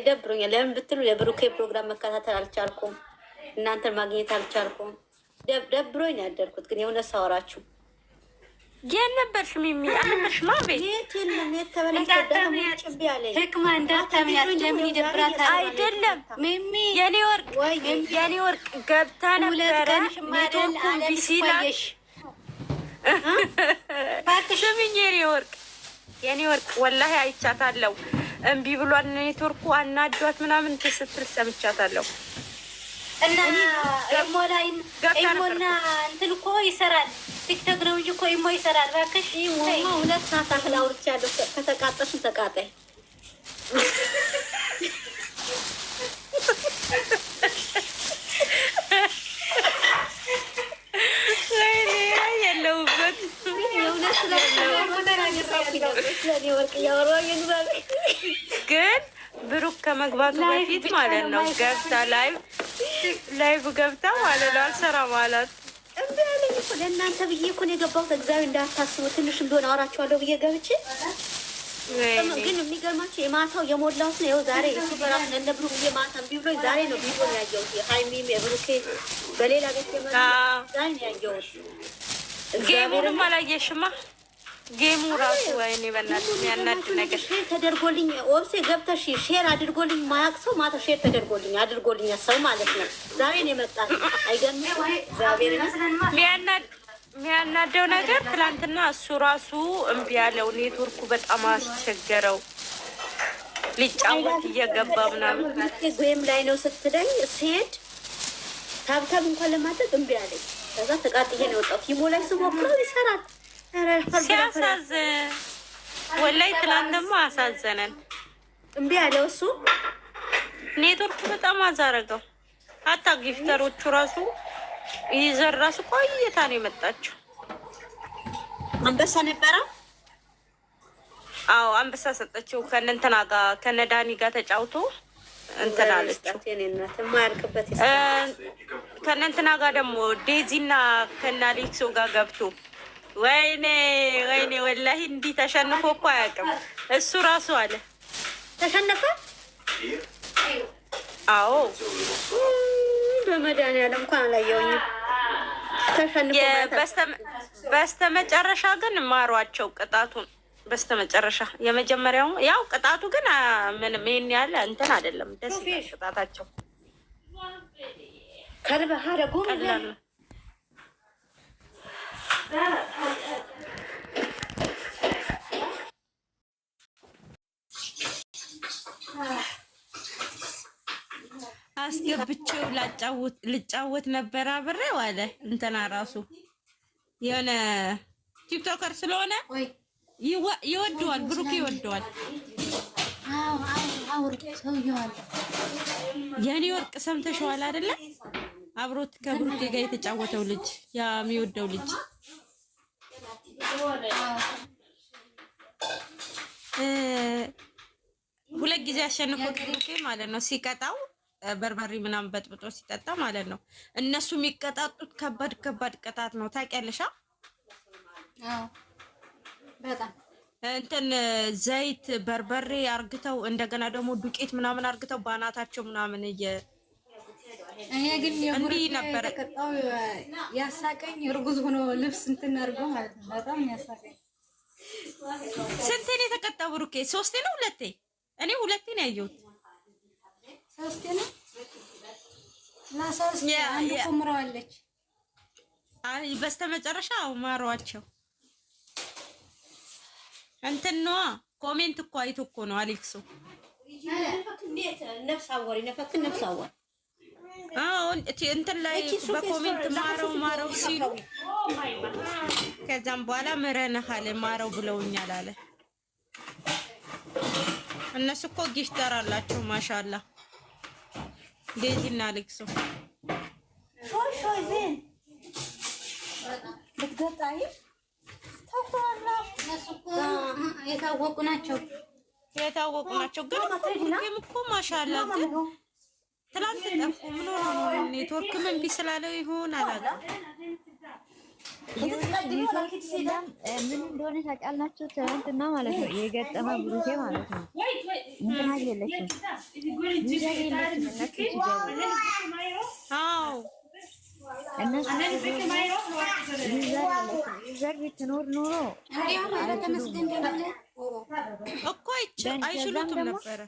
ይደብሩኛል። ለምን ብትሉ የብሩኬ ፕሮግራም መከታተል አልቻልኩም፣ እናንተን ማግኘት አልቻልኩም። ደብሮኝ ያደርኩት ግን የሆነ ሳወራችሁ የት ነበርሽ? ሚሚ አልነበርሽማ ቤት የለም። አይደለም ሚሚ የኔ ወርቅ የኔ ወርቅ ገብታ ነበረ ኔትወርኩ ቢሲ ናሽ ስምኝ የኔ ወርቅ የኔ ወርቅ ወላሂ አይቻታለሁ እምቢ ብሏል ኔትወርኩ አናዷት ምናምን ስትል ሰምቻታለሁ። እና ኢሞና እንትን እኮ ይሰራል ቲክቶክ ነው እንጂ እኮ ኢሞ ይሰራል። እባክሽ ሁለት ሰዓት አክል አውርቻለሁ። ከተቃጠሽን ተቃጣይ ግን ብሩክ ከመግባቱ በፊት ማለት ነው ገብታ ላይቭ ገብታ ማለት ነው አልሰራም አላት። ለእናንተ ብዬ እኮ ነው የገባሁት። እግዚአብሔር እንዳታስቡ ትንሽ ቢሆን አወራችኋለሁ ብዬ ገብቼ ግን የሚገርማቸው የማታው የሞላሁት ነው። ይኸው ዛሬ እሱ በራሱ እነ ብሩክ የማታ ቢብሎ ዛሬ ነው ቢብሎ ያየሁት። ሀይሚም የብሩኬ በሌላ ቤት ዛሬ ነው ያየሁት። እግዚአብሔርም አላየሽማ ጌሙ ራሱ ወይኔ በእናትህ የሚያናድ ነገር ተደርጎልኝ፣ ኦብሴ ገብተሽ ሼር አድርጎልኝ ማያቅ ሰው ማታ ሼር ተደርጎልኝ አድርጎልኝ ሰው ማለት ነው። ዛሬ ነው የመጣት አይገርምም። የሚያናደው ነገር ትላንትና እሱ ራሱ እምቢ ያለው ኔትወርኩ በጣም አስቸገረው። ሊጫወት እየገባ ምናምን ጎም ላይ ነው ስትለኝ ስሄድ ታብታብ እንኳን ለማድረግ እምቢ አለኝ። ከዛ ተቃጥዬ ነው የወጣሁት። ይሞ ላይ ስሞክረው ይሰራል ሲያሳዝን ወላይ ትናንት ደግሞ አሳዘነን። እምቢ አለው እሱ ኔትወርክ በጣም አዛረገው። አታ ጊፍተሮቹ ራሱ ይዘን ራሱ ቆይታ ነው የመጣችው። አንበሳ ነበረ። አዎ አንበሳ ሰጠችው። ከነ እንትና ጋር ከነ ዳኒ ጋር ተጫውቶ እንትና አለችው። ከነ እንትና ጋር ደግሞ ዴዚና ከነ አሌክሶ ጋር ገብቶ ወይኔ ወይኔ፣ ወላሂ እንዲህ ተሸንፎ እኮ አያውቅም እሱ ራሱ አለ። ተሸነፈ? አዎ፣ በመድኃኒዓለም እንኳን አላየሁኝም። በስተመጨረሻ ግን ማሯቸው ቅጣቱን። በስተመጨረሻ የመጀመሪያው ያው ቅጣቱ ግን ምንም ይህን ያለ እንትን አይደለም። ደስ ቅጣታቸው ከልበሃ ደግሞ አስገብቼው ልጫወት ነበር አብሬ ዋለ እንትና ራሱ የሆነ ቲክቶከር ስለሆነ ይወደዋል፣ ብሩክ ይወደዋል። የኔ ወርቅ ሰምተሽዋል አይደለ? አብሮት ከብሩክ ጋር የተጫወተው ልጅ ያ የሚወደው ልጅ ሁለት ጊዜ አሸንፎ ብሩኬ ማለት ነው ሲቀጣው በርበሬ ምናምን በጥብጦ ሲጠጣ ማለት ነው። እነሱ የሚቀጣጡት ከባድ ከባድ ቅጣት ነው። ታውቂያለሽ? አዎ እንትን ዘይት በርበሬ አርግተው እንደገና ደግሞ ዱቄት ምናምን አርግተው ባናታቸው ምናምን እየ ግን እንዲህ ነበረ ያሳቀኝ። እርጉዝ ሆኖ ልብስ እንትን አድርጎ ማለት ነው። በጣም ያሳቀኝ። ስንቴ ነው የተቀጣው? ብሩኬ ሶስቴ ነው ሁለቴ? እኔ ሁለቴ ነው ያየሁት። ሶስቴ ነው ላሳስ አንድ ቆምረዋለች። አይ በስተመጨረሻ ማሯቸው እንትን ነዋ። ኮሜንት እኮ አይቶ እኮ ነው አሌክሶ ነፍስ አወሪ ነፈክ ነፍስ አወሪ አሁን እንትን ላይ በኮሜንት ማረው ማረው ሲሉ ከዛም በኋላ ምረንሃል ማረው ብለውኛል አለ። እነሱ እኮ ጊፍተር አላቸው። ማሻላ ዴዚና ልክሶ የታወቁ ናቸው። የታወቁ ናቸው ግን እኮ ማሻላ ግን ትላንት ጠፉ። ምን ሆኖ ነው? ኔትወርክ ምን ቢስላለው ይሆን አላውቅም። ምን እንደሆነ ታውቃላችሁ? ትናንትና ማለት ነው የገጠመ ብሩኬ ማለት ነው እንትና የለችም። አዎ ዩዘር ብትኖር ኖሮ እኮ አይችሉትም ነበረ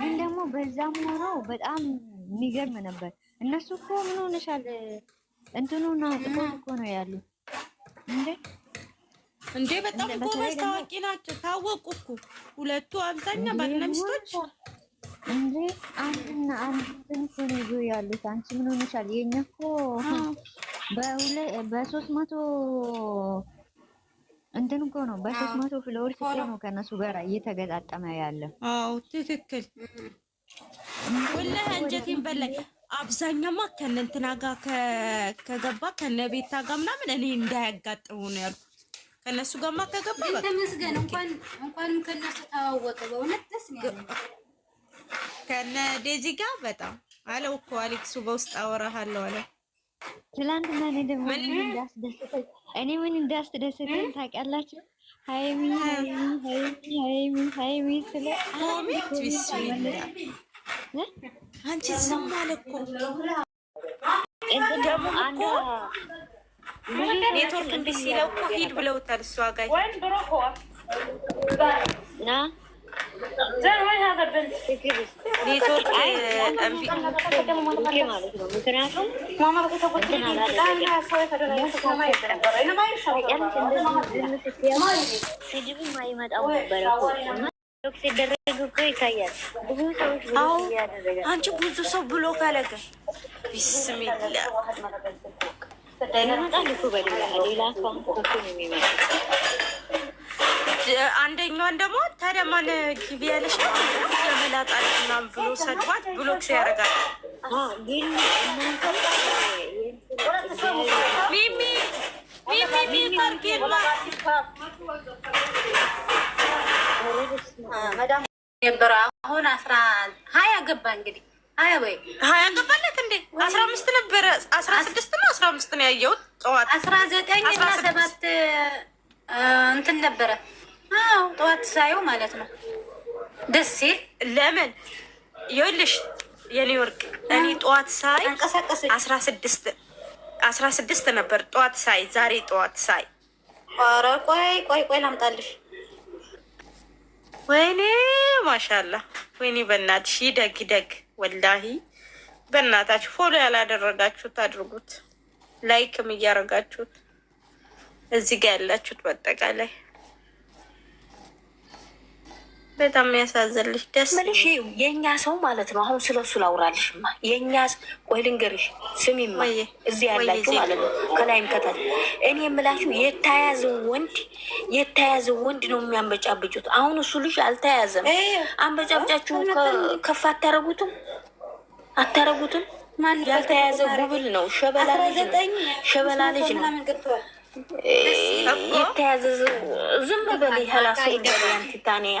ግን ደግሞ በዛም ኖረው በጣም የሚገርም ነበር። እነሱ እኮ ምን ሆነሻል እንትኑና ጥቁር እኮ ነው ያሉ እንዴ እንዴ በጣም ጎበዝ ታዋቂ ናቸው። ታወቁ እኮ ሁለቱ አብዛኛ ባልና ሚስቶች እንዴ አንድና አንድ እንትን እኮ ነው ይዞ ያሉት። አንቺ ምን ሆነሻል? የኛ እኮ በሁለ በሶስት መቶ እንትን እኮ ነው በሶስት መቶ ፍሎር ስጤ ነው ከእነሱ ጋር እየተገጣጠመ ያለ። አዎ ትክክል። ወላሂ አንጀቴን በላኝ። አብዛኛማ ከነ እንትና ጋር ከገባ ከነ ቤታ ጋር ምናምን እኔ እንዳያጋጥሙ ነው ያልኩት። ከእነሱ ጋማ ከገባ በቃ ተመስገን። እንኳን እንኳንም ከእነሱ ተዋወቀ። በእውነት ደስ ነው ከነ ዴዚ ጋር በጣም አለው እኮ አሌክሱ በውስጥ አወራሃለሁ አለ ትላንትና እኔ ደግሞ እንዳስደሰተኝ እኔ ምን እንዳስደሰተኝ ታውቂያላችሁ? ሀይሚ ሀይሚ ሀይሚ ስለ አንቺ ዝም አለ እኮ ደግሞ ኔትወርክ እንዲህ ሲለው እኮ ሂድ ብለውታል። እሷ ጋር ና አንቺ ብዙ ሰው ብሎ ካለገ ቢስሚላ ይመጣል እኮ በሌላ ሌላ ሰው የሚመጣ አንደኛዋን ደግሞ ታዲያ ማን ግቢ ያለሽ የመላጣ ምናምን ብሎ ሰድባት ብሎክስ ያደርጋል። አሁን አስራ ሀያ ገባ እንግዲህ ሀያ ገባለት እንዴ? አስራ አምስት ነበረ አስራ ስድስት ነው አስራ አምስት ነው ያየሁት ጠዋት አስራ ዘጠኝ እና ሰባት እንትን ነበረ አዎ ጠዋት ሳየው ማለት ነው ደስ ሲል። ለምን ይኸውልሽ የኒውዮርክ እኔ ጠዋት ሳይ አስራ ስድስት አስራ ስድስት ነበር ጠዋት ሳይ፣ ዛሬ ጠዋት ሳይ። ኧረ ቆይ ቆይ ቆይ ላምጣልሽ። ወይኔ ማሻላ ወይኔ በእናትሽ ይደግ ይደግ። ወላሂ በእናታችሁ ፎሎ ያላደረጋችሁት አድርጉት፣ ላይክም እያደረጋችሁት እዚህ ጋር ያላችሁት በአጠቃላይ በጣም ያሳዝንልሽ። ደስ ምልሽ የእኛ ሰው ማለት ነው። አሁን ስለሱ ላውራልሽማ የእኛ ቆይ ልንገርሽ፣ ስሚማ እዚህ ያላችሁ ማለት ነው ከላይም ከታች እኔ የምላችሁ የተያዘው ወንድ የተያዘው ወንድ ነው የሚያንበጫብጩት። አሁን እሱ ልጅ አልተያዘም። አንበጫብጫችሁ ከፍ አታረጉትም፣ አታረጉትም። ያልተያዘ ጉብል ነው፣ ሸበላ ልጅ ነው፣ ሸበላ ልጅ ነው። የተያዘ ዝም በል ያላሱ ታኒያ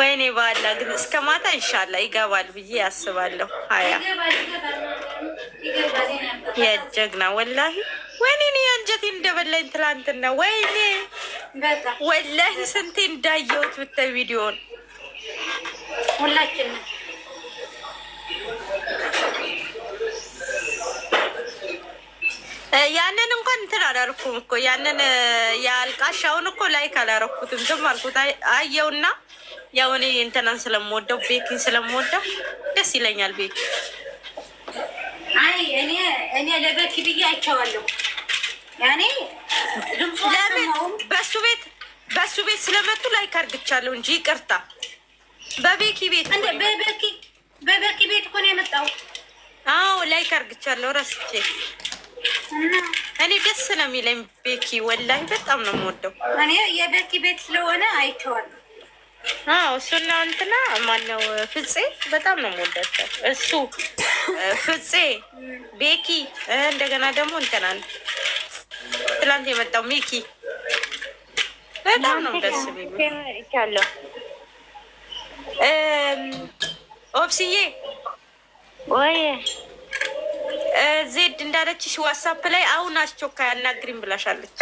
ወይኔ ባላ ግን እስከ ማታ እንሻላ ይገባል ብዬ አስባለሁ። ሀያ የጀግና ወላሂ ወይኔ የአንጀቴ እንደበላኝ ትላንትና ወይኔ ወላሂ ስንቴ እንዳየሁት ብታይ ቪዲዮን ሁላችን ያንን እንኳን እንትን አላደረኩም እኮ ያንን የአልቃሻውን እኮ ላይክ አላረኩትም። ዝም አልኩት አየውና ያው እኔ እንትናን ስለምወደው ቤኪን ስለምወደው ደስ ይለኛል። ቤኪ አይ እኔ እኔ ለበኪ ብዬ አይቼዋለሁ። ያኔ ለምን በሱ ቤት በሱ ቤት ስለመጡ ላይ ካርግቻለሁ እንጂ ይቅርታ፣ በቤኪ ቤት እንደ በበኪ በበኪ ቤት እኮ ነው የመጣው። አዎ ላይ ካርግቻለሁ ረስቼ እኔ ደስ ነው የሚለኝ ቤኪ ወላሂ በጣም ነው የምወደው። እኔ የበኪ ቤት ስለሆነ አይቼዋለሁ። አዎ እሱና እንትና ማነው ፍፄ በጣም ነው የምወዳቸው። እሱ ፍፄ፣ ቤኪ እንደገና ደግሞ እንትና ትላንት የመጣው ሚኪ በጣም ነው ደስ ወይ ዜድ እንዳለችሽ ዋትሳፕ ላይ አሁን አስቸኳይ አናግሪም ብላሻለች።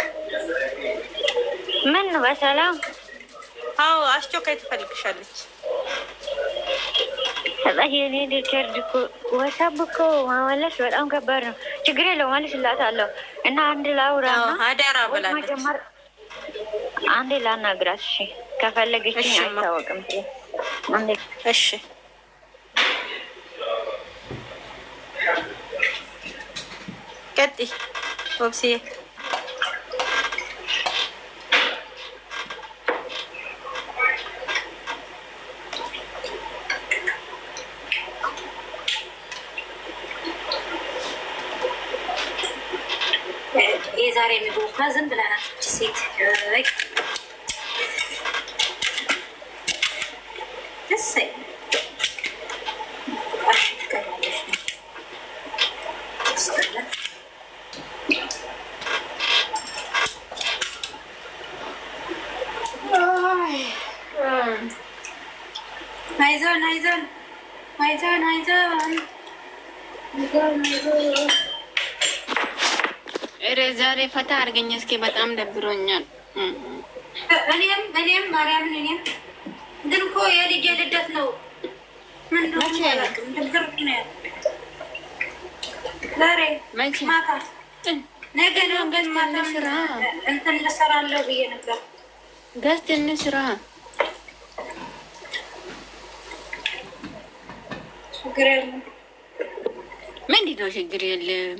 ምን በሰላም አዎ አስቸኳይ ትፈልግሻለች። የኔ ሪቻርድ እኮ ወሳብ እኮ ማመለስ በጣም ከባድ ነው። ችግር የለውም እልስላታለሁ እና አንድ ላውራ አደራ ብላለች። አንዴ ላናግራት እሺ፣ ከፈለገች አይታወቅም። እሺ ቀጥይ ወብስዬ ዛሬ ምግብ እንኳ ዝም ብላ ናት እች ሴት። ደስይ አይዞን አይዞን አይዞን አይዞን ኧረ ዛሬ ፈታ አድርገኝ እስኪ፣ በጣም ደብሮኛል። እኔም እኔም ማርያምን እኔም ግን እኮ የልጅ ልደት ነው። ነገ ነው እንትን እንሰራለሁ ብዬ ነበር። እንስራ ችግር የለም። ምንድን ነው ችግር የለም።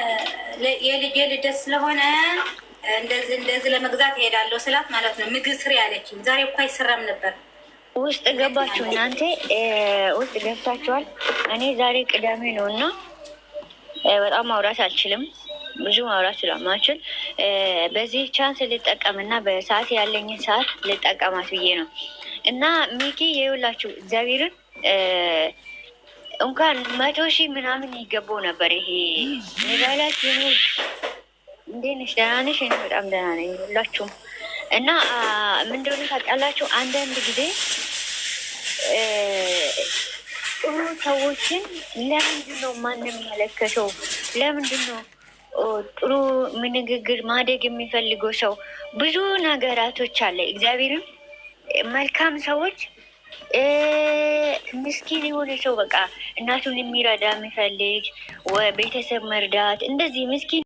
የልጄ ልደት ስለሆነ እንደዚህ እንደዚህ ለመግዛት እሄዳለሁ ስላት ማለት ነው ምግብ ስሪ ያለችኝ። ዛሬ እኮ አይሰራም ነበር። ውስጥ ገባችሁ እናንተ ውስጥ ገብታችኋል። እኔ ዛሬ ቅዳሜ ነው እና በጣም ማውራት አልችልም። ብዙ ማውራት ስለማልችል በዚህ ቻንስ ልጠቀምና በሰዓት ያለኝን ሰዓት ልጠቀማት ብዬ ነው እና ሚኪ የውላችሁ እግዚአብሔርን እንኳን መቶ ሺህ ምናምን ይገባው ነበር። ይሄ ንጋላት የኖች እንዴት ነሽ? ደህና ነሽ? እኔ በጣም ደህና ነኝ። ሁላችሁም እና ምንደሆነ እንደሆነ ታውቃላችሁ። አንዳንድ ጊዜ ጥሩ ሰዎችን ለምንድን ነው ማንም ማንመለከተው? ለምንድን ነው ጥሩ ንግግር ማደግ የሚፈልገው ሰው? ብዙ ነገራቶች አለ። እግዚአብሔርም መልካም ሰዎች ምስኪን የሆነ ሰው በቃ እናቱን የሚረዳ የሚፈልግ ቤተሰብ መርዳት እንደዚህ ምስኪን